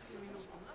20 Minuten.